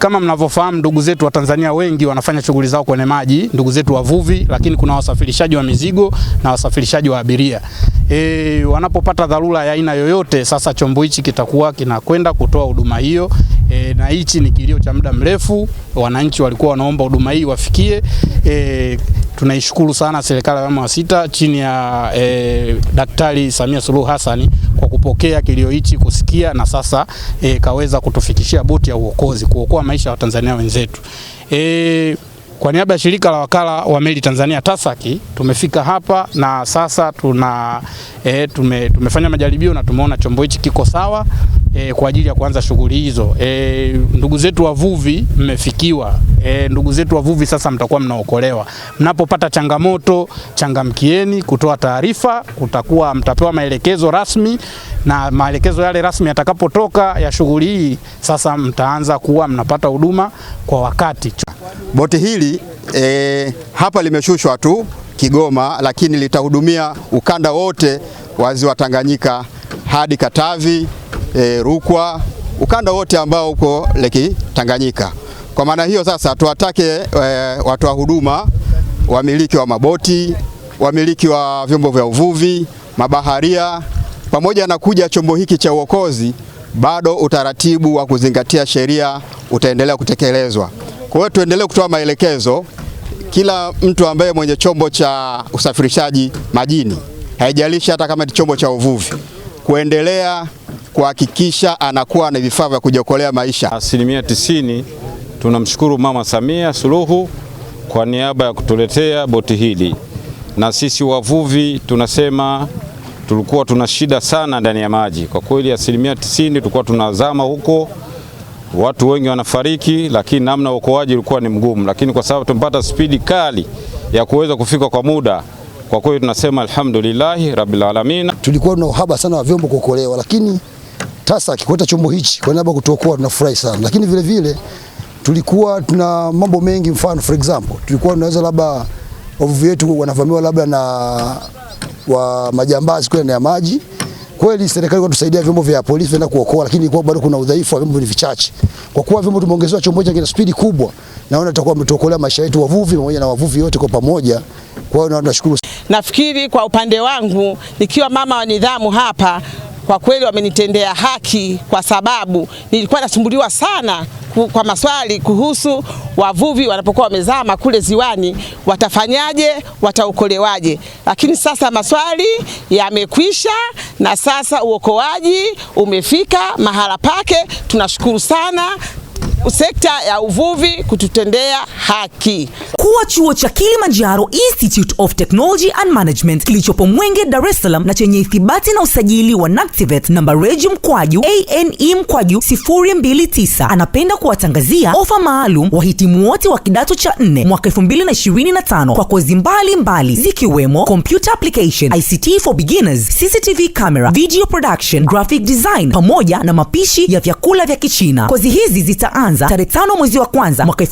Kama mnavyofahamu ndugu zetu wa Tanzania wengi wanafanya shughuli zao kwenye maji, ndugu zetu wavuvi, lakini kuna wasafirishaji wa mizigo na wasafirishaji wa abiria. E, wanapopata dharura ya aina yoyote, sasa chombo hichi kitakuwa kinakwenda kutoa huduma hiyo. E, na hichi ni kilio cha muda mrefu, wananchi walikuwa wanaomba huduma hii wafikie e, Tunaishukuru sana serikali ya awamu ya sita chini ya e, Daktari Samia Suluhu Hassan kwa kupokea kilio hichi, kusikia na sasa e, kaweza kutufikishia boti ya uokozi kuokoa maisha ya Watanzania wenzetu e, kwa niaba ya shirika la wakala wa meli Tanzania tasaki tumefika hapa na sasa tuna e, tume, tumefanya majaribio na tumeona chombo hichi kiko sawa e, kwa ajili ya kuanza shughuli hizo. E, ndugu zetu wavuvi mmefikiwa. E, ndugu zetu wavuvi sasa mtakuwa mnaokolewa. Mnapopata changamoto, changamkieni kutoa taarifa, kutakuwa mtapewa maelekezo rasmi na maelekezo yale rasmi yatakapotoka ya shughuli hii, sasa mtaanza kuwa mnapata huduma kwa wakati. Boti hili e, hapa limeshushwa tu Kigoma, lakini litahudumia ukanda wote wa ziwa Tanganyika hadi Katavi, e, Rukwa, ukanda wote ambao uko leki Tanganyika. Kwa maana hiyo sasa tuwatake e, wa huduma, wamiliki wa maboti, wamiliki wa vyombo vya uvuvi, mabaharia pamoja na kuja chombo hiki cha uokozi, bado utaratibu wa kuzingatia sheria utaendelea kutekelezwa. Kwa hiyo tuendelee kutoa maelekezo kila mtu ambaye mwenye chombo cha usafirishaji majini, haijalishi hata kama ni chombo cha uvuvi, kuendelea kuhakikisha anakuwa na vifaa vya kujiokolea maisha. Asilimia tisini. Tunamshukuru Mama Samia Suluhu kwa niaba ya kutuletea boti hili, na sisi wavuvi tunasema tulikuwa tuna shida sana ndani ya maji kwa kweli, asilimia tisini tulikuwa tunazama huko, watu wengi wanafariki, lakini namna uokoaji ulikuwa ni mgumu, lakini kwa sababu tumepata spidi kali ya kuweza kufika kwa muda, kwa kweli tunasema alhamdulillahi rabbil alamin. Tulikuwa na uhaba sana wa vyombo kuokolewa, lakini sasa kikuleta chombo hichi kwa niaba kutuokoa tunafurahi sana, lakini vile vile tulikuwa tuna mambo mengi, mfano for example tulikuwa tunaweza labda wavuvi wetu wanavamiwa labda na wa majambazi kwenda ya maji. Kweli serikali tusaidia vyombo vya polisi na kuokoa, lakini kwa bado kuna udhaifu wa vyombo ni vichache. Kwa kuwa vyombo tumeongezewa chombo kina spidi kubwa, naona tutakuwa mtuokolea maisha yetu wavuvi pamoja na wavuvi wote kwa pamoja. Kwa hiyo nashukuru. Nafikiri kwa upande wangu nikiwa mama wa nidhamu hapa, kwa kweli wamenitendea haki, kwa sababu nilikuwa nasumbuliwa sana kwa maswali kuhusu wavuvi wanapokuwa wamezama kule ziwani, watafanyaje, wataokolewaje. Lakini sasa maswali yamekwisha na sasa uokoaji umefika mahala pake. Tunashukuru sana sekta ya uvuvi kututendea haki. Kuwa chuo cha Kilimanjaro Institute of Technology and Management kilichopo Mwenge, Dar es Salaam na chenye ithibati na usajili wa NACTIVET namba reji mkwaju ane mkwaju 029 anapenda kuwatangazia ofa maalum wahitimu wote wa kidato cha 4 mwaka 2025 kwa kozi mbalimbali zikiwemo computer application, ICT for beginners, CCTV camera, video production, graphic design pamoja na mapishi ya vyakula vya Kichina. Kozi hizi zita kwanza tarehe tano mwezi wa kwanza mwaka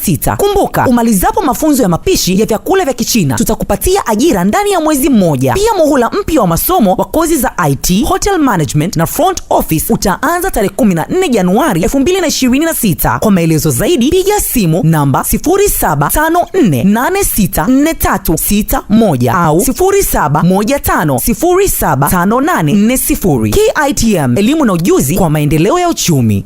sita Kumbuka, umalizapo mafunzo ya mapishi ya vyakula vya Kichina tutakupatia ajira ndani ya mwezi mmoja. Pia muhula mpya wa masomo wa kozi za IT, hotel management na front office utaanza tarehe 14 Januari sita Kwa maelezo zaidi piga simu namba moja au sifuri KITM, elimu na ujuzi kwa maendeleo ya uchumi.